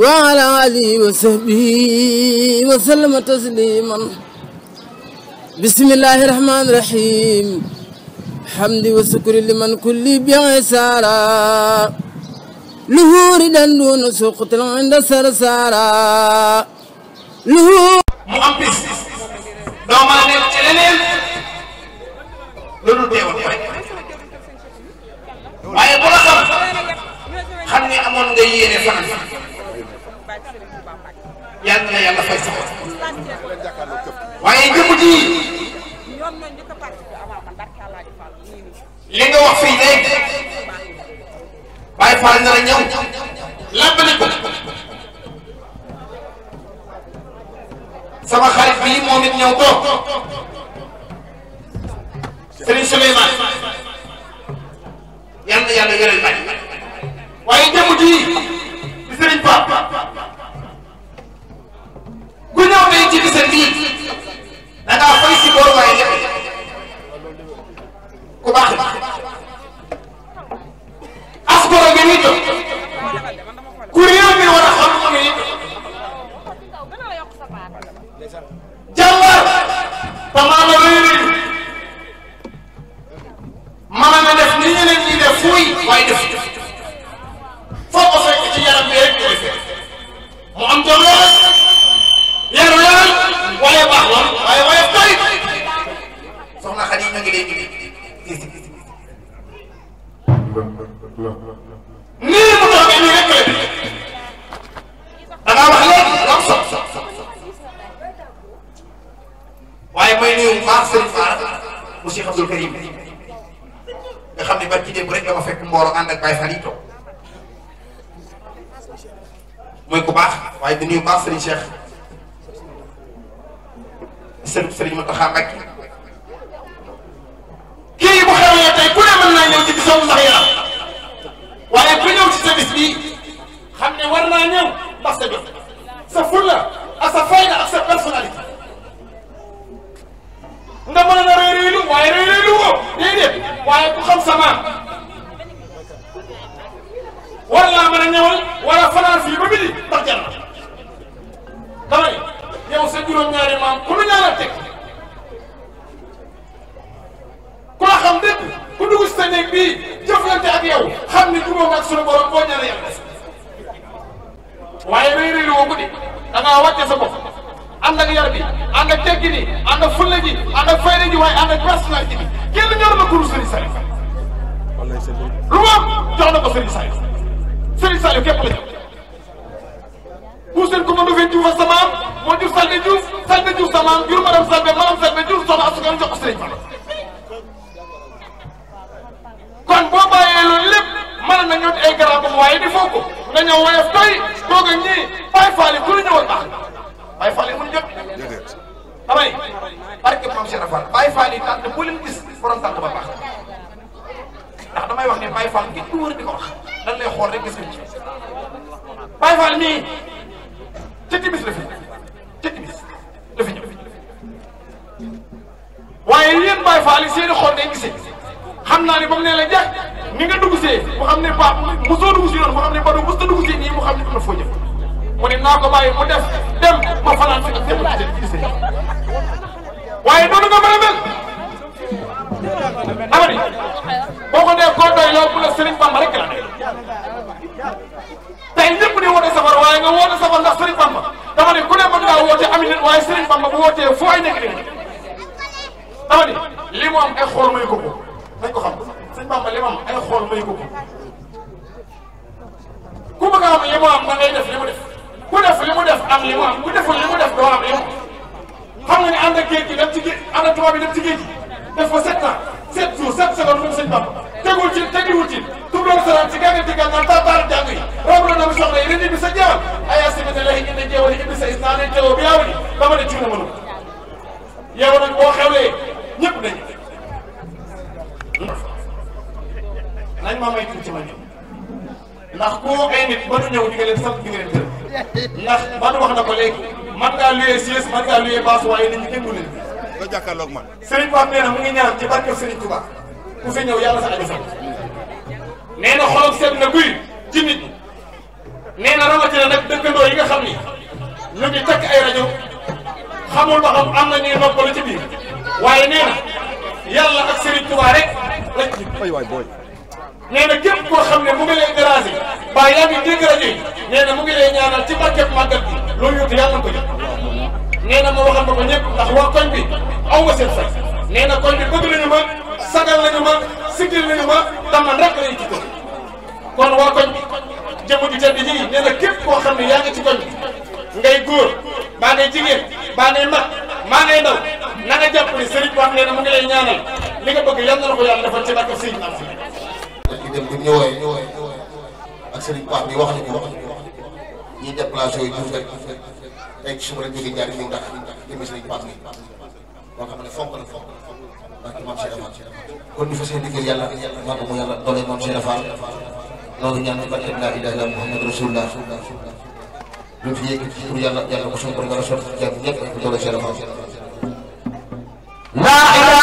وعلى آله وصحبه وسلم تسليما بسم الله الرحمن الرحيم حمد وشكر لمن كل بعسارا لهور دندون سقط عند سرسارا لهور مؤمس دوما نتلنين لولو ديوان waaye bu la xam xam ni amoon nga yéene sax yàlla na yàlla fay sax waaye jëmm ji li nga wax fii léegi Baye Fall nar a ñëw làbbali ko sama xarit bii moom it ñëw toog Serigne Souleymane yàlla na yàlla yore bàyyi waaye jëmm ji di Serigne Pape. ku ñëw tey ci bisa bii da ngaa fay si bor waaye ku baax la as goro gi ñuy jot ku réew a xam mu na def ni ñeneen ñi def fuuy waaye def foo ko fekk ci yaram mu am leeru lool waaye baax lool waaye waaye tooy soxna xadi ñu ngi lay jigi nii mu toogee ñu rek la dangaa wax léegi lool sox sox sox waaye may nuyu baax sëriñ Faara bu Cheikh Abdoul Karim nga xam ne ba ci démb rek dama fekk mbooloo ànd ak Baye Fall yi toog mooy ku baax waaye di nuyu baax sëriñ Cheikh Muntaxa Mbàkke xam naa ne ba mu ne la jeex ni nga dugg see mu xam ne pap mu soo dugg si yoon mu xam ne ba du mës ta dugg si nii mu xam ne am na foo mu ne naa ko bàyyi mu a boo ko dee koo doy loolu mu ne Serigne Bamba rek la tey ñëpp di woote safar waaye nga woote safar ndax Serigne Bamba dama ne ku ne mën ngaa woote ami nit waaye Serigne Bamba bu wootee foo ay nekk dama ne li mu am xool muy ko nañ ko xam sëñ Bamba li ma am ay xool may ko ko ku bëgg a am li mu def li def ku def li mu def am li am ku deful li def doo am li mu xam nga ne ànd ak géej gi dem ci géej ànd ak bi na ci géej gi def fa sept ans sept jours sept secondes moom sëñ Bamba tegul ci baar jàng yi rooblo na mu soxla yi ren bi sa jaam ay asimete lay ñu ne jeewali ibbi sa is naa ne teewoo bi yaaw ni dama ne ci na mënu yow nag boo xewlee ñëpp nañu nañ ma may tuuti ma ñëw ndax koo ay nit ba du ñëw di nga leen sant di nga leen tër ndax ban wax na ko léegi man ngaa luyee siège man ngaa luyee baas waaye nit ñi kenn du leen doo jàkkaarloog man Serigne Pape nee na mu ngi ñaan ci barke Serigne Touba ku fi ñëw yàlla sa aju sant nee na xolam seet na guy ci nit nee na rawatina nag dëkkandoo yi nga xam ni ñu ngi takk ay rajo xamul ba xam am na ñuy noppalu ci biir waaye nee na yàlla ak Serigne Touba rek lañ ci. aywaay booy. nee na képp koo xam ne mu ngi lay déranger ba yaa ngi dégg a yi nee na mu ngi lay ñaanal ci barkeb màggal bi loolu yëpp yàlla na ko jëf. nee na ma waxal ko ko ñëpp ndax waa koñ bi aw nga seen fay. nee na koñ bi bëgg nañu ma sagal nañu ma sigil nañu ma dama rek lañu ci kon waa koñ bi jëmm ju tedd ji nee na képp koo xam ne yaa ngi ci koñ bi. ngay góor baa ngay jigéen baa ngay mag maa ngay ndaw na nga jàpp ni sëriñ wax nee na mu ngi lay ñaanal li nga bëgg yal na la ko yàlla defal ci barke sëriñ am si dañuy dem bu ñëwee ñëwee ak sëriñ wax ñu ko wax ñu ko ñuy déplacé yooyu juf rek tey ci suma rek jóge ñaari ñu ndax demi lu mu fi yëkkati pour yàlla yàlla ko suñu borom nga la sotti jàpp ñëpp ak doole seen xam laa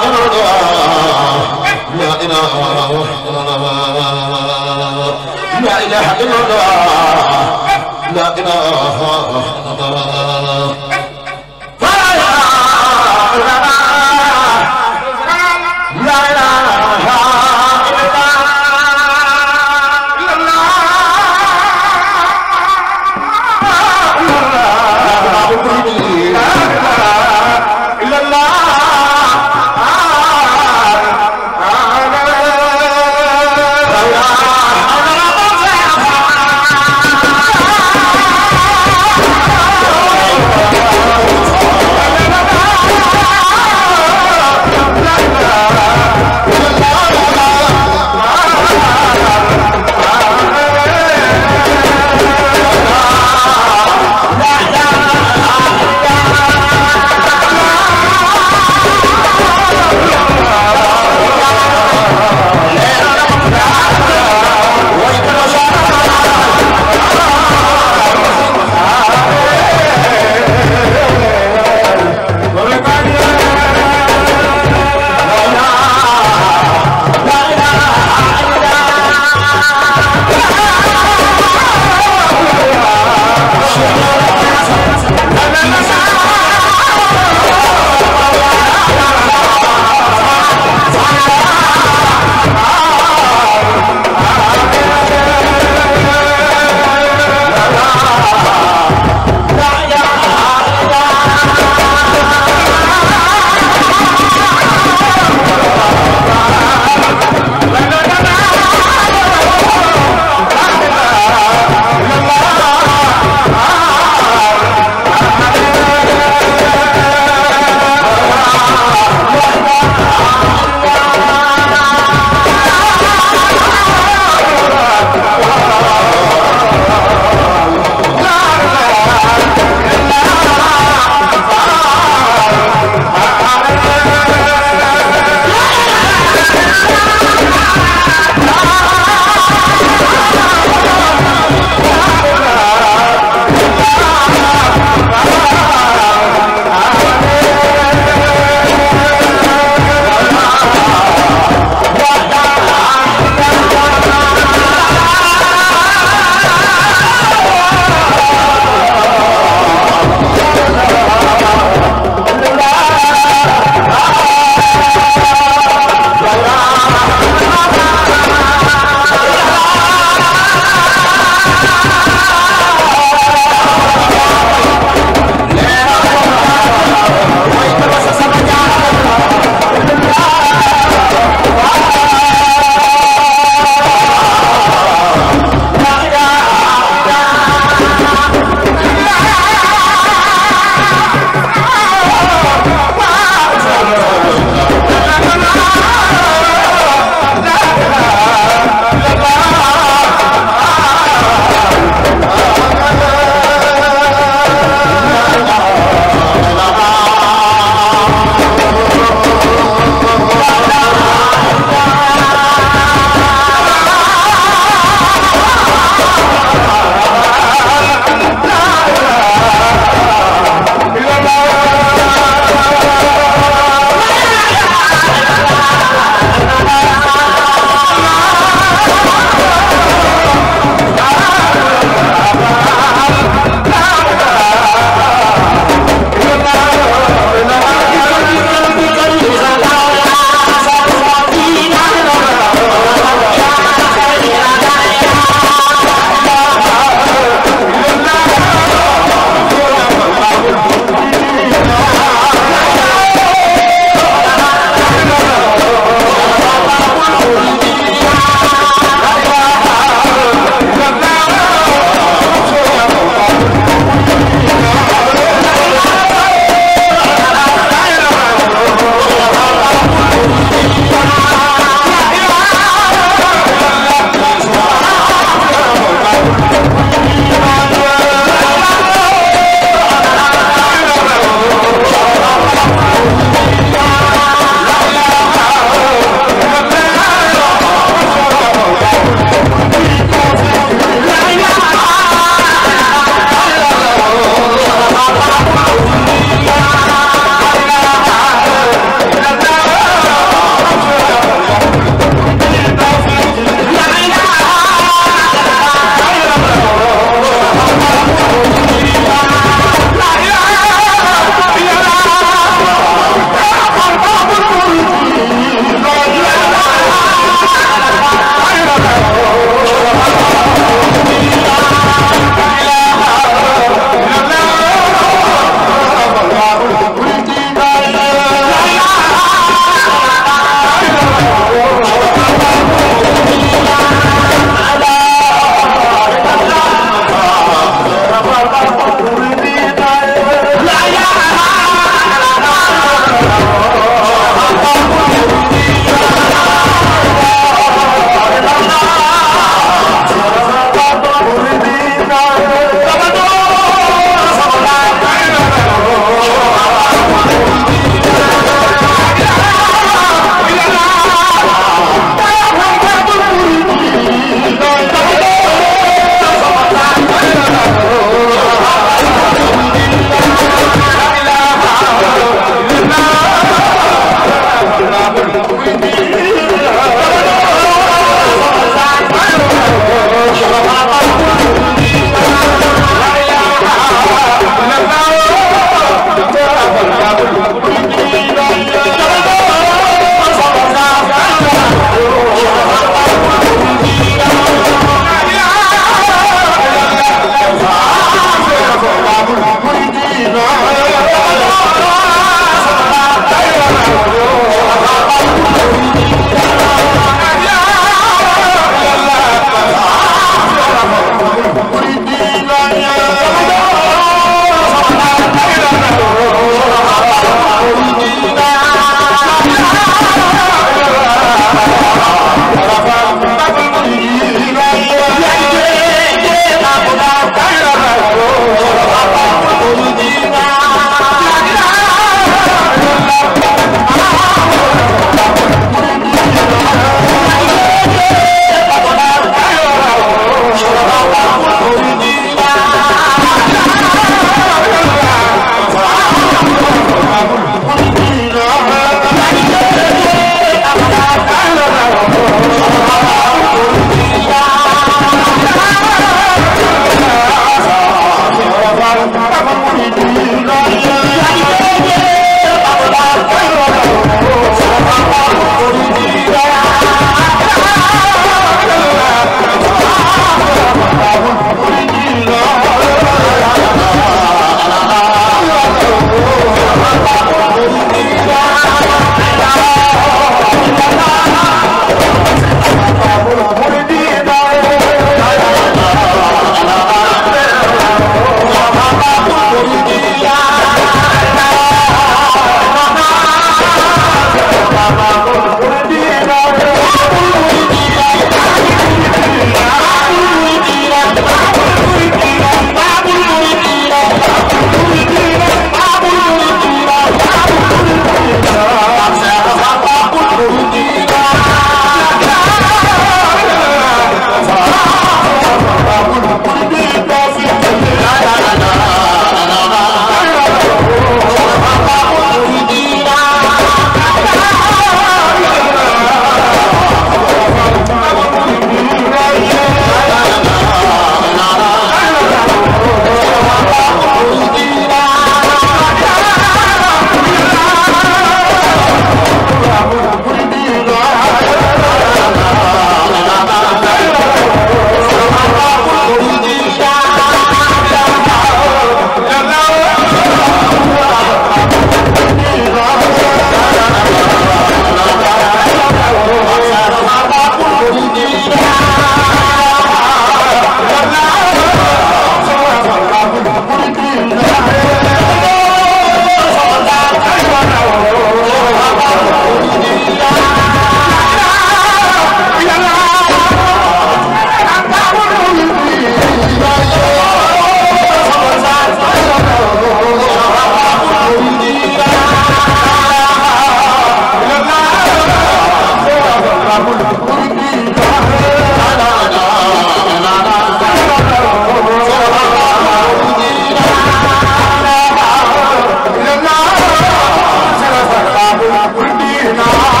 naa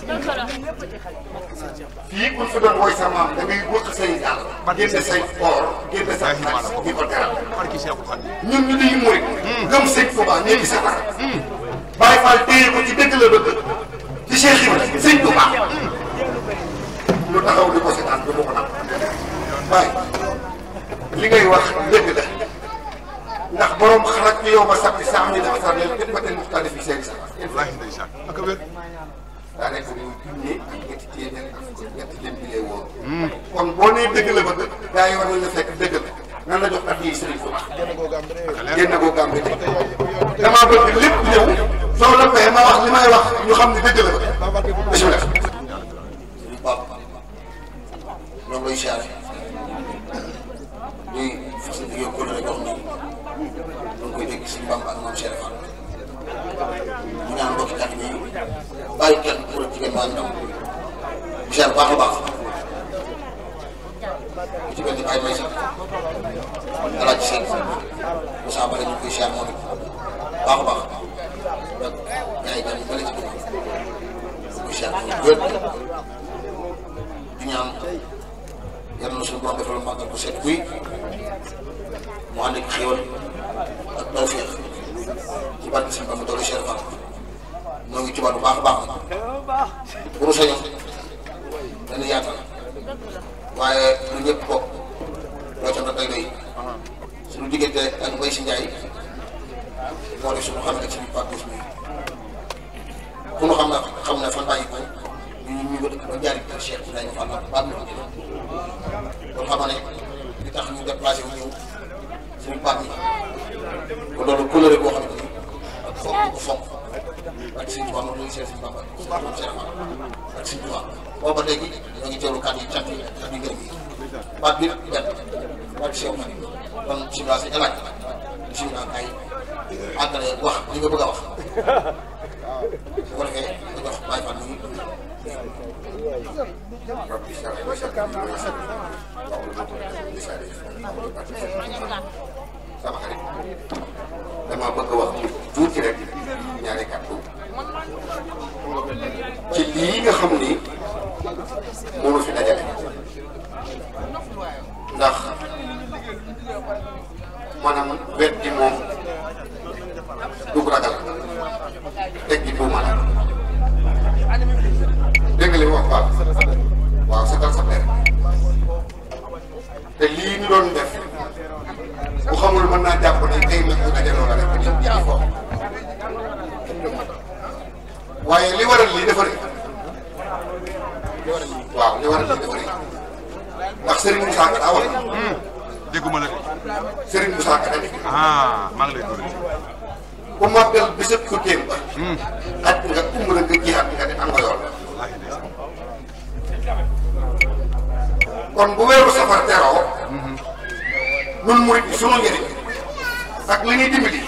fii ku fi doon woy sa maam da ngay wëq say dàll. génn say or génn sa xaalis di ko teral. ñun ñu dañuy murit. Hmm. gëm sëñ Tuubaa ñoo ngi hmm. Faal téye ko ci dëgg la bëgg. ci Cheikh Ibrahima sëñ Tuubaa. lu hmm. taxaw di ko seetaan du ma ko naan. li ngay wax dëgg la. ndax borom xarak yow ma sàppi saa ñu dafa sànneel képp ba tey muxtaar fi seen sax. wallaahi ndeysaan daanaka muy junne ak ñetti téeméer ak ñetti lim bi lay boo nee dëgg la ba dëgg. gars war nañu fekk dëgg la nan la jox at yii Serigne Touba. génn goo gàmb de damaa bëgg lépp ñëw soo la fee ma wax li may wax ñu xam ne jox nii ñu koy dégg si Bamba moom Cheikh Fall mu ñaan mbokk kat ñi bàyyi kenn ngeen baal ñu am ziar bu baax a baax ku ci mel ni Baye Maysa Alaaji Seen Moussa baax a baax donc gars yi dañu bëri ci dugub ñu koy ziar moom it di ñaan yal na suñu borom defal màggal ko seet kuy mu ànd ak xéwal ak tawféex ci barke seen ba mu dolli cher ñoo ngi cubaat bu baax a baax nag bu nu sañoon dañu yaatal waaye lu ñëpp bokk loo ca day doy suñu diggante ak koy si Ndiaye moo def suñu xam ne ak suñu Pape Diouf mii ku nu xam na xam ne fan bàyyi ko ñu ñu ko dëkk ba jaari kër Cheikh bi dañu fàlla baat ñu ko jël kon xam ne boo xam ne fonk ko ak suñu tubaab ma doon seet suñu bambal suñu bambal seet ak suñu tubaab booba léegi ñu ngi teewlu kàddu yi cant yi ak yu gërëm yi baat bi benn baat sew na kon suñu baa si jalaaj suñu baa ay àggale wax li nga bëgg a wax su ko defee nga jox bàyyi fan ñu رب اشرح لي صدري ويسر لي امري من لساني يفقهوا قولي sama xarit dama bëgg wax yii nga xam ni moom fi dajale ndax maanaam wet di moom du ragal teg gi du maanaam dégg nga li waaw sa dal sa te lii ñu doon def bu xamul mën naa jàpp ne tey nag ñu dajaloo la rek waaye li waral lii defar ndax Serigne Moussa Ka daa wax na. Hmm. dégguma la. Serigne Moussa Ka dañu. ah maa ngi lay dóoree. ku màggal bésëb hmm. la nga kon bu weeru safar teroo. ñun hmm. sunu njëriñ. ak li ñuy dimbali.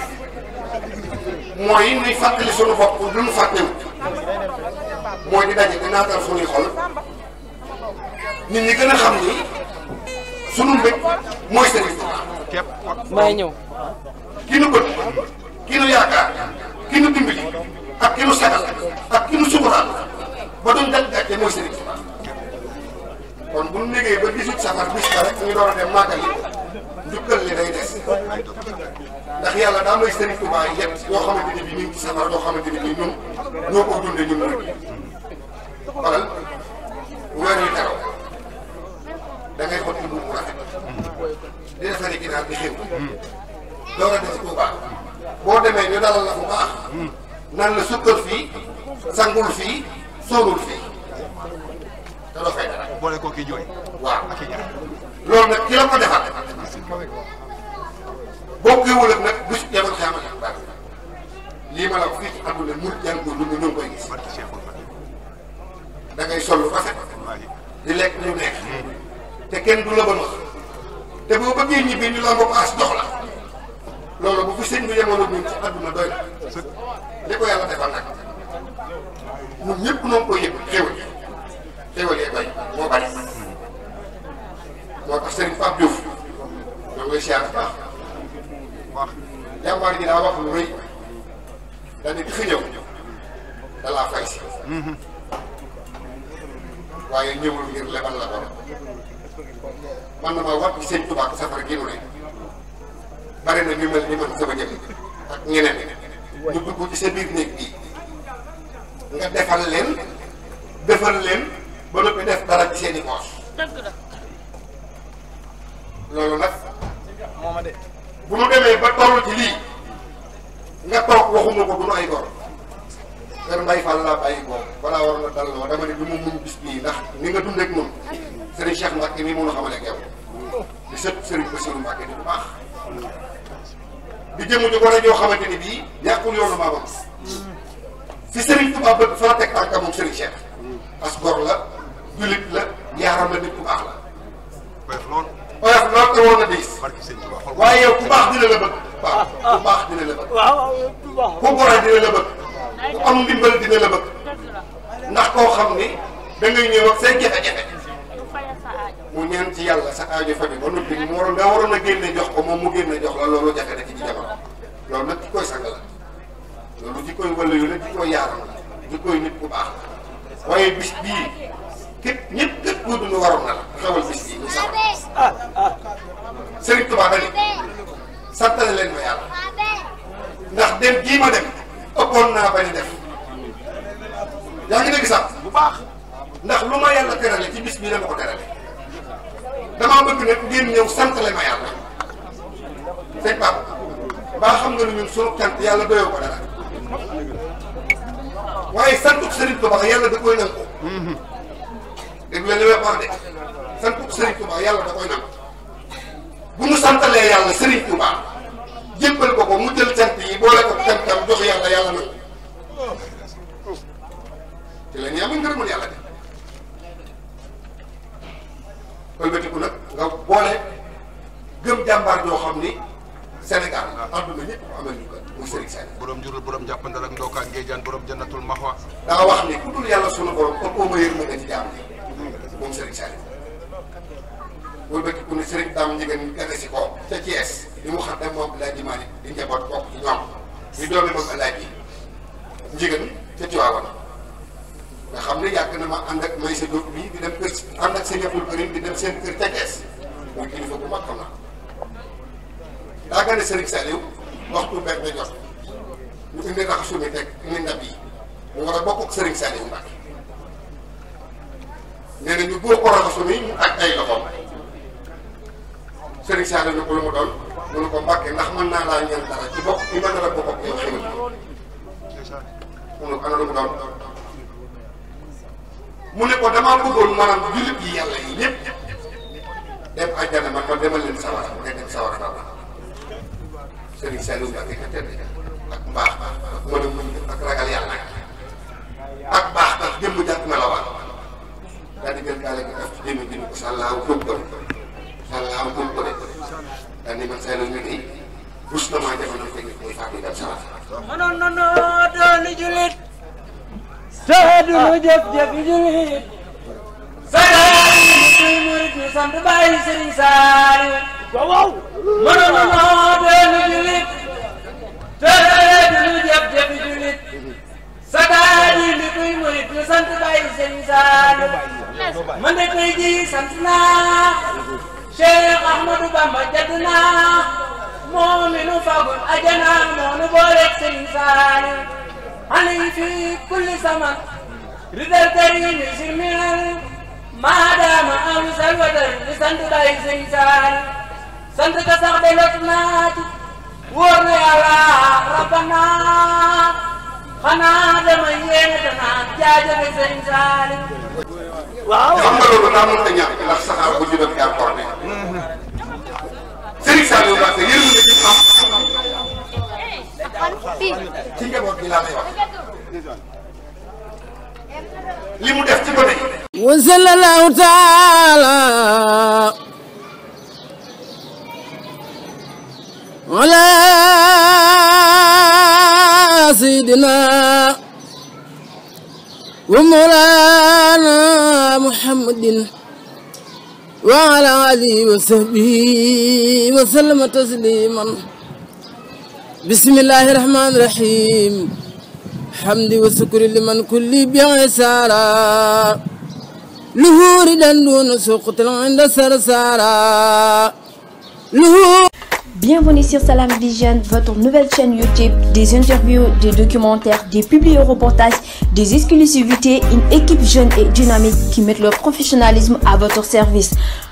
mooy nuy fàttali sunu bopp lu nu fàttewut. mooy di daje di naatal sunuy xol. nit ñi gën a xam ni. sunu mbég mooy Serigne Touba. may ñëw. ki nu bëgg ki nu yaakaar ki nu dimbali ak ki nu sagal ak ki nu sukuraal ba duñ daj gàcce mooy Serigne Touba kon bu ñu liggéey ba 18 safar bis ba rek ñu a dem màggal yi njukkal li ko des yàlla daa may Serigne Touba yett yoo xamante ni bii ñu xamante ni bii ñun ñoo ko dundee ñun rek. xoolal weer teraw. da ngay ko tudd mu rafet. di defaree ginaar di xew. door a des Touba boo demee ñu dalal la bu baax. nan la sukkal fii sangul fii sóorul fii te doo i ñaar. loolu nag ki la ko defal. boo koy wëlëg nag bés yamal xaaral ak baax lii ma la ko fii ci àdduna mu jàngul lu ñu koy gis. da ngay sol lu rafet. di lekk lu neex. te kenn du la bon wax te boo bëggee ñibbi ñu la nga paas jox la loolu bu fi sëñ bi yemoon ak ñun ci doy na ko yàlla defal nag ñun ñëpp ñoo ngi koy yëg xéwal xéwal yee bay moo bari moo tax Serigne Pape Diouf ñoo ngi siyaar bu baax wax jàmbaar gi daa wax lu rëy daanaka fi ñëw da fay si mm-hmm. waaye ñëwul ngir lebal la borom. man na maa wat ci sëñ Tuubaa safara gi nu ne bari na ñu mel ni man sama njëkk ak ñeneen ñu dugg ci sa biir néeg bii nga defal leen defal leen ba noppi def dara ci seen i poos loolu nag bu mu demee ba toll ci lii nga toog waxuma ko du nu ay góor kër Mbay Fall laa bàyyi boobu balaa war na dal ma dama ne du ma muñ bis bii ndax ni nga dund ak moom Serigne Cheikh Mbacke mii mënu xamale ak yow di sët Serigne Bassirou Mbacke di bu baax di jëmu di war a ñoo xamante ni bii ñàkkul yoonu maamam fi Serigne Touba bëgg fa teg tànka moom Serigne Cheikh as gor la jullit la yaaram la nit ku baax la oyof lool oyof lool te woon na diis mu ñaan ci yàlla sa aajo faju ba noppi mu waroon nga waroon a génne jox ko moom mu génne jox la loolu jafe na ci ci jamono loolu nag jikkooy sang la loolu jikkooy wala yu la jikkooy yaaram la jikkooy nit ku baax la waaye bis bii képp ñëpp képp koo dund waroon na la xewal bis bii ñu sax Serigne Touba dani ndax gii ma dem naa bañ def yaa bu baax ndax lu ma yàlla terale ci bis bii dama ko terale damaa bëgg nag ngeen ñëw sant la ma yàlla sëñ Pape baa xam nga ni ñun sunu yàlla doyoo ko dara waaye santuk Serigne Touba yàlla da koy nangu. dégg nga li may de yàlla da koy nangu bu ñu santalee yàlla Serigne Touba ko mu jël cant yi boole ko cantam jox yàlla yàlla nangu ci la ñu am ngërëmul yàlla de. ëlbatiku nag nga boole gëm jàmbaar joo xam ni Sénégal àdduna ñëpp ko amal ñu ko muy Serigne Sall. borom jurul borom jàppandal ak ndookaan géejaan wax ni ku dul yàlla sunu borom kon koo ma yërmande ci jaam bi moom Serigne Sall. ëlbatiku ne Serigne Dame Ndiéguène gane si ko ca Thiès li mu xam dem moom Alaaji Maalik di njaboot bokk ci ñoom ñu doomi moom Alaaji Ndiéguène ca Tiwaawan nga xam ne yàgg na ma ànd ak may sa jóg bii di dem kër ànd ak sa ñëppul kërin di dem seen kër tegees muy kilifa bu mag xam naa tàggane Serigne Saliou waxtu benn jot ñu indi yi mu war a ak Serigne Saliou Mbacké nee na ñu góor ko raxasu doon mu ne ko Mbacké ndax mën naa laa ñaan dara ci bokk ci ma dara bokk ak yow na mu ne ko ana lu doon mu ne ko damaa bëggoon maanaam jullit yi yàlla yi ñëpp dem àjjana man ma demal leen sawara nga dem sawara ba Serigne Saliou Mbacké ka tedd ak mbaax ma ne muñ ak ragal yàlla ak baax tax jëmm jàpp na la waat daal di gën kaale ko def ci jëmm jëmm ko sàllaaw gëm ko sàllaaw gëm ko de daal di man Saliou mi nii bus na maa jamono fekk koy fàtte dem sawara mënoon na noo doon jullit sëëdu nu jëf jëfi jullit sëëdu murid nu sant bàyyi Sëriñ Saaliw mënunu noo doonu jullit sëëdu nu jëf jëfi jullit sëëdu nu murid nu sant bàyyi Sëriñ Saaliw man de tey ji sant naa Cheikh Ahmadou Bamba jadd naa moom mi nu fagul ajana moo nu booleeg Sëriñ Saaliw علي في كل زمان رضا الكريم يجر من ما دام أمس الودر لسند باي سنسان سند كسر بلوتنات ورنا يا ربنا xanaa dama yéene danaa jaajëfe sëñ Saali. waaw xam nga loolu daa mënut a ñàkk ndax saxaar bu jubal airport bi. Serigne Saliou Mbacké yéen a ngi ci njaboot bi laa lay wax li mu def ci gone yi wa sallallahu taala ala sayyidina wa mawlana muhammadin wa ala alihi wa sahbihi wa sallama tasliman bismillahi rahmaani rahiim hamdi wa sukri liman kulli bien sara luhuuri dan duna suqtal inda sarsara luhuuri Bienvenue sur Salam Vision, votre nouvelle chaîne YouTube, des interviews, des documentaires, des publi-reportages, des exclusivités, une équipe jeune et dynamique qui met leur professionnalisme à votre service.